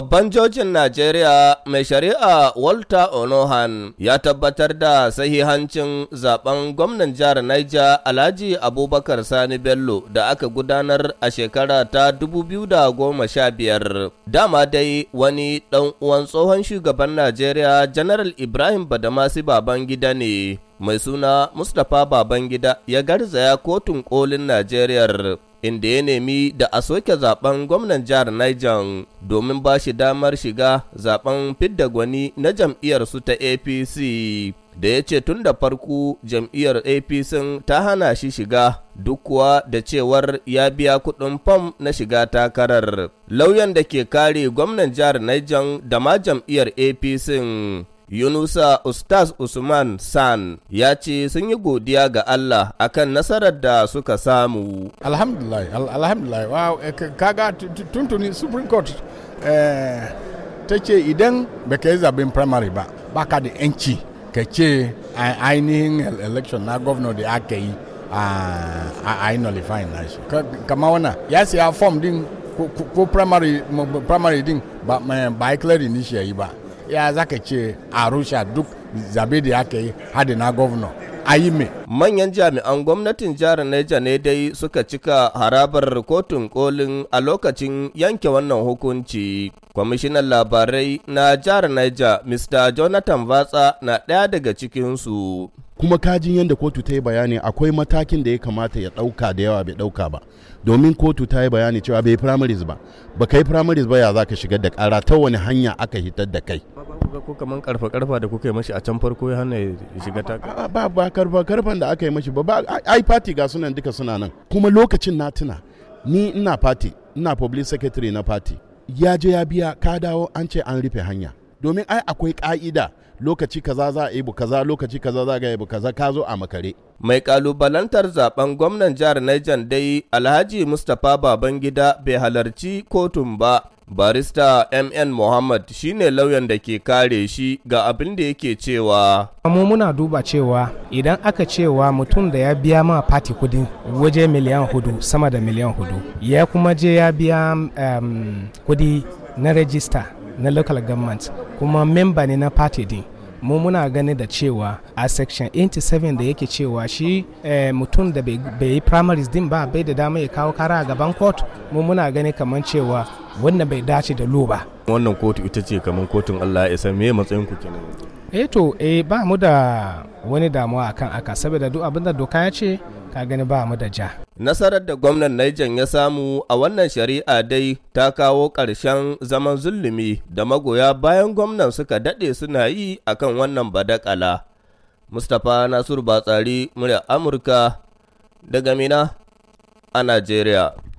Babban jojin Najeriya mai shari'a Walter Onohan ya tabbatar da sahihancin zaben gwamnan jihar Niger Alhaji Abubakar Sani Bello da aka gudanar a shekara ta 2015. Dama dai wani ɗan uwan tsohon shugaban Najeriya General Ibrahim Badamasi Babangida ne mai suna Mustapha Babangida ya garzaya kotun kolin Najeriya. inda ya nemi da a soke zaben gwamnan jihar Niger domin ba shi damar shiga zaben fidda gwani na jam'iyyarsu ta APC. Da ya ce tun da farko jam'iyyar APC ta hana shi shiga duk kuwa da cewar ya biya kuɗin fam na shiga takarar. Lauyan da ke kare gwamnan jihar Niger da ma jam'iyyar APC Yunusa Ustaz Usman San ya ce sun yi godiya ga Allah akan nasarar da suka samu. Alhamdulillah, alhamdulillah, wow, eh, kaga tuntuni Supreme Court eh, ta ce idan baka yi zaben primary ba, baka da 'yanci ka ce ainihin election na governor da aka yi a na shi. Kama wana, ya siya form din ko primary din ba eh, a clearing shi ya yi ba. ya zaka ce arusha duk zabe da aka yi hadi na a yi mai manyan jami'an gwamnatin jihar Neja ne dai suka cika harabar kotun kolin a lokacin yanke wannan hukunci. Kwamishinan labarai na jihar Neja, Mr. Jonathan Vatsa na ɗaya daga cikinsu. kuma kajin yadda kotu ta yi bayani akwai matakin da ya kamata ya ɗauka da yawa bai ɗauka ba domin kotu ta yi bayani cewa bai primaries ba ba kai primaries ba ya za ka shigar da ƙara ta wani hanya aka hitar da kai ba ku ga ko kaman karfa karfa da kuka yi mashi a can farko ya hana ya shiga ta ba ba karfa karfan da aka yi mashi ba ai party ga sunan duka suna nan kuma lokacin na tuna ni ina party ina public secretary na party ya je ya biya ka dawo an ce an rufe hanya domin ai akwai ƙa'ida lokaci kaza za a yi bu kaza lokaci kaza za a yi bu kaza ka zo a makare. Mai kalubalantar zaben gwamnan jihar Niger dai Alhaji Mustapha Babangida bai halarci kotun ba. Barista MN Muhammad shine lauyan da ke kare shi ga abin da yake cewa. Mu muna duba cewa idan aka cewa mutum da ya biya ma fati kudin waje miliyan hudu sama da miliyan hudu ya kuma je ya biya kudi na rajista na local government kuma memba ne na party din mu muna gani da cewa a section 87 da yake cewa shi eh, mutum da bai yi primaries din ba bai da dama ya kawo kara a gaban court mu muna gani kamar cewa wannan bai dace da lo ba wannan kotu ita ce kamar kotun Allah ya san me matsayin ku kenan eh to eh ba mu da wani damuwa akan aka saboda duk abin da doka ya ce ka gani ba mu da ja nasarar da gwamnan Nijan ya samu a wannan shari'a dai ta kawo ƙarshen zaman zulumi da magoya bayan gwamnan suka daɗe suna yi akan wannan badakala mustapha nasiru batsari murya amurka daga mina a nigeria.